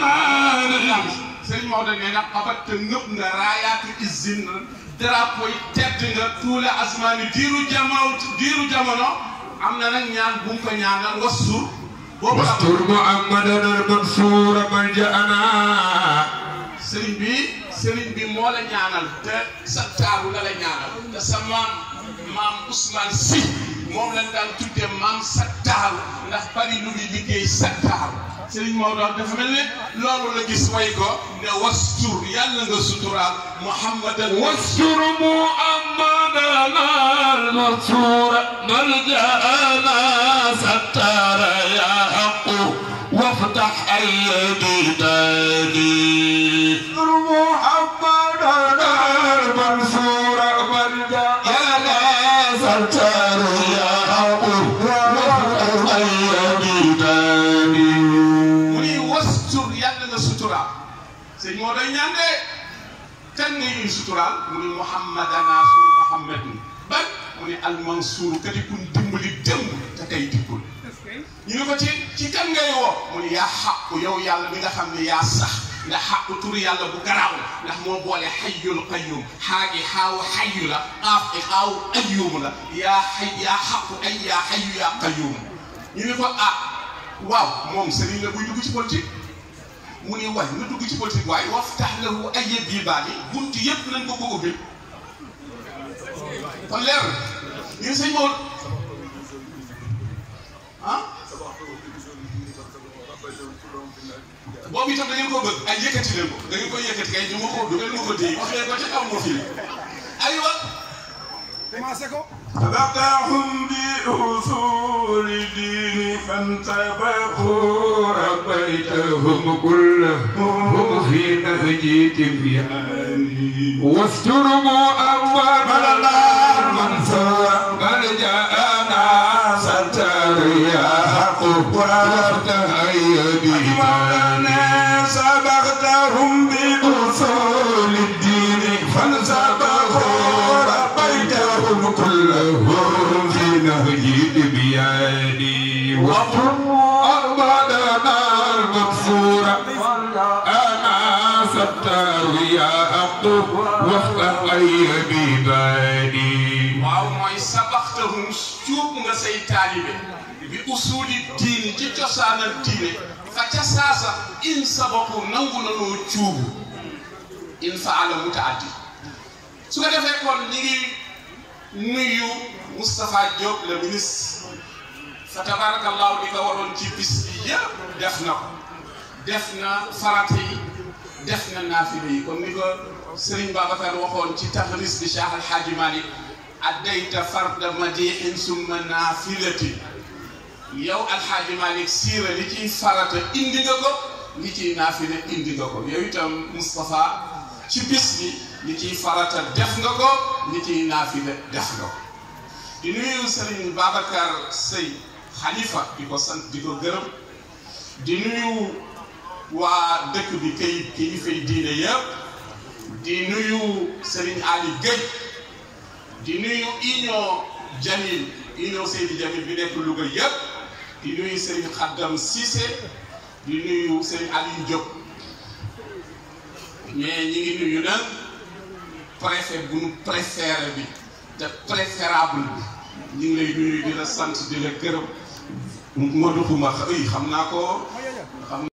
amaana lam sëñ Maodo nee na xabat te ngëb nga raayaatu izin na drapeau tuula asmaani diiru jamaw am na nag ñaan bu mu ko ñaanal wastur wastur muhammadan mansuura man jaana sëriñ bi sëriñ bi moo la te sa taabu la la ñaanal te sa maam maam Ousmane moom lañ daan tudde maam sa taabu ndax bari lu muy liggéey sa taabu سيدنا مولانا دفمل لا لكي سويكو نوستر يالا نسطر محمد وستر مؤمنا نسطر بل جاءنا ستار يا حق وافتح ايدي تاني محمد نسطر بل جاءنا ستار يا حق sutur yàlla la suturaal sëñ moo doy ñaan de kan nga ñuy suturaal mu ni muhammadana suñu muhammad ni ban mu ni almansuur ka di kun dimbali démb te tey dimbul ñu ne ko ci ci kan ngay woo mu ni yaa xàqu yow yàlla mi nga xam ne yaa sax ndax xàqu tur yàlla bu garaaw ndax moo boole xayyul qayyum xaagi xaawu xayyu la xaaf i xaawu qayyum la yaa xay yaa xàqu ay yaa xayyu yaa qayyum ñu ne ko ah waaw moom sëriñ la buy dugg ci politique mu ne waay na dugg ci politique waaye waftax lahu ay yëpp yi baal yi bunt yëpp nañ ko bëgg a ubbi kon leer na ñun sëñ Maodo ah boobu itam da ngeen ko bëgg ay yëkkati leen ko da ngeen koy yëkkati kay ñu ma ko du ngeen ma ko dee wax leen ko ca kaw moo fi commencé ko ففتحهم بأصول الدين فانتبهوا ربيتهم كلهم في تفجيت في عالي واسترموا أول قل هو في نهجه بيادي وقل أربعنا المقصورة أنا ستار يا أقب واخلق أي ببادي واو موي سبقتهم شوف nga say talibé bi usuli diini ci cosaanal diine fa ca saasa in sabaku nangu nanoo cuubu in faala mutaaddi su ko defee kon ñi ngi nuyu Moustapha Diop le ministre fa tabarakallahu li bi yëpp def na ko def na farata yi def na ni ko ci taxris bi Cheikh Alhaaji Malick addayta farda madihin summa naafilati yow Alhaaji Malick siira li farata indi nga ko li indi nga ko yow itam Moustapha li ciy farata def nga ko li ciy naafila def nga ko di nuyu Serigne Babacar Sey xalifa di ko gërëm di nuyu waa dëkk bi kay kilifay diine yëpp di nuyu Serigne Ali Gueye di nuyu union Jamil union Seydi Jamil bi nekk Louga yëpp di nuyu Serigne Xaddam Cissé di nuyu Serigne Aliou Diop mais ñi ngi nuyu nag préfet bu nu préféré bi te préférable bi ñu lay nuyu di la sant di la gërëm Modou xam naa ko.